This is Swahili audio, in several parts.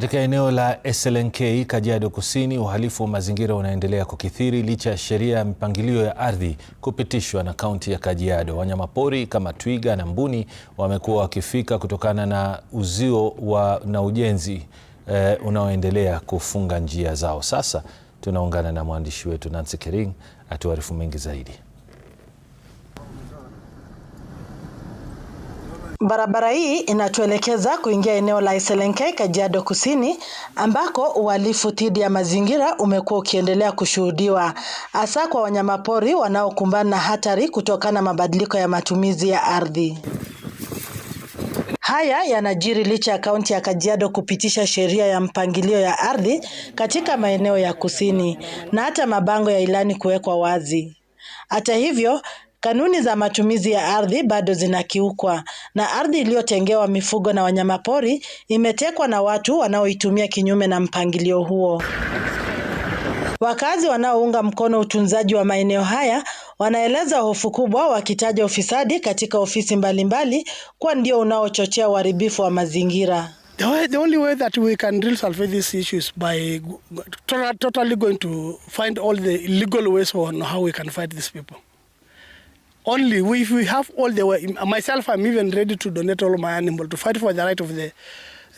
Katika eneo la SLNK Kajiado Kusini, uhalifu wa mazingira unaendelea kukithiri licha ya sheria ya mipangilio ya ardhi kupitishwa na kaunti ya Kajiado. Wanyamapori kama twiga na mbuni wamekuwa wakifika kutokana na uzio wa na ujenzi eh, unaoendelea kufunga njia zao. Sasa tunaungana na mwandishi wetu Nancy Kering atuarifu mengi zaidi. Barabara hii inatuelekeza kuingia eneo la Eselenkei, Kajiado Kusini, ambako uhalifu dhidi ya mazingira umekuwa ukiendelea kushuhudiwa hasa kwa wanyamapori wanaokumbana na hatari kutokana na mabadiliko ya matumizi ya ardhi. Haya yanajiri licha ya kaunti ya Kajiado kupitisha sheria ya mpangilio ya ardhi katika maeneo ya kusini na hata mabango ya ilani kuwekwa wazi. Hata hivyo, kanuni za matumizi ya ardhi bado zinakiukwa na ardhi iliyotengewa mifugo na wanyamapori imetekwa na watu wanaoitumia kinyume na mpangilio huo. Wakazi wanaounga mkono utunzaji wa maeneo haya wanaeleza hofu kubwa, wakitaja ufisadi katika ofisi mbalimbali kuwa ndio unaochochea uharibifu wa mazingira. The only if we have all the way, myself, I'm even ready to donate all my animal to fight for the right of the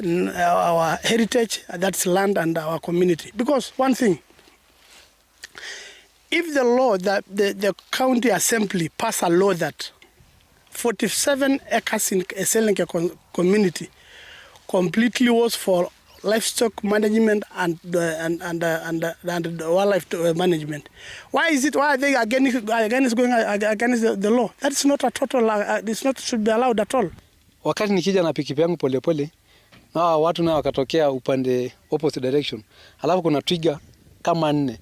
uh, our heritage, that's land and our community. Because one thing, if the law that the, the county assembly pass a law that 47 acres in a Selenke community completely was for livestock management and uh, and and uh, and, uh, and the wildlife uh, management. Why is it? Why are they against against going against the, the law? That is not a total. Uh, uh, this not should be allowed at all. Wakati nikija na pikipi yangu polepole na watu nao wakatokea upande opposite direction, alafu kuna twiga kama nne.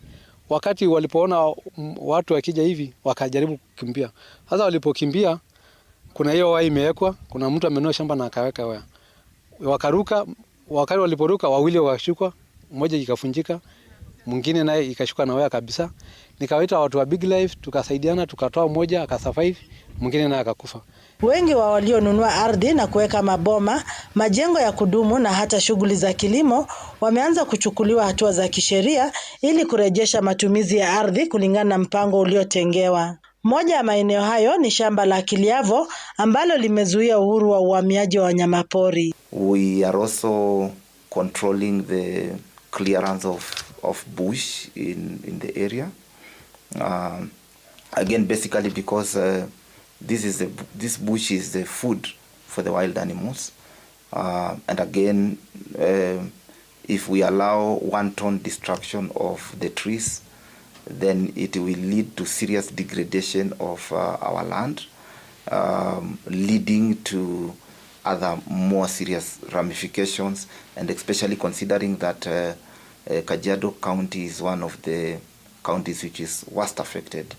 Wakati walipoona watu wakija hivi, wakajaribu kukimbia. Sasa walipokimbia, kuna hiyo waya imewekwa, kuna mtu amenua shamba na akaweka waya, wakaruka wakati waliporuka wawili wakashukwa, mmoja ikafunjika, mwingine naye ikashuka na wewe kabisa. Nikawaita watu wa Big Life, tukasaidiana, tukatoa mmoja akasurvive, mwingine naye akakufa. Wengi wa walionunua ardhi na kuweka maboma, majengo ya kudumu na hata shughuli za kilimo wameanza kuchukuliwa hatua za kisheria ili kurejesha matumizi ya ardhi kulingana na mpango uliotengewa. Moja ya maeneo hayo ni shamba la Kiliavo ambalo limezuia uhuru wa uhamiaji wa wanyamapori. We are also controlling the clearance of, of bush in, in the area. Uh, again basically because uh, this is the, this bush is the food for the wild animals. Uh, and again uh, if we allow one ton destruction of the trees then it will lead to serious degradation of uh, our land um, leading to other more serious ramifications and especially considering that uh, uh, Kajiado County is one of the counties which is worst affected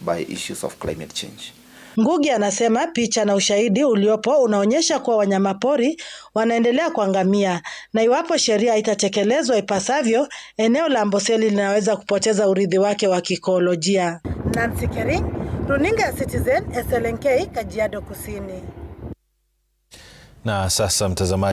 by issues of climate change. Ngugi anasema picha na ushahidi uliopo unaonyesha kuwa wanyamapori wanaendelea kuangamia na iwapo sheria itatekelezwa ipasavyo, eneo la Amboseli linaweza kupoteza urithi wake wa kiikolojia. Nancy Kering, Runinga ya Citizen, SLNK, Kajiado Kusini. Na sasa mtazamaji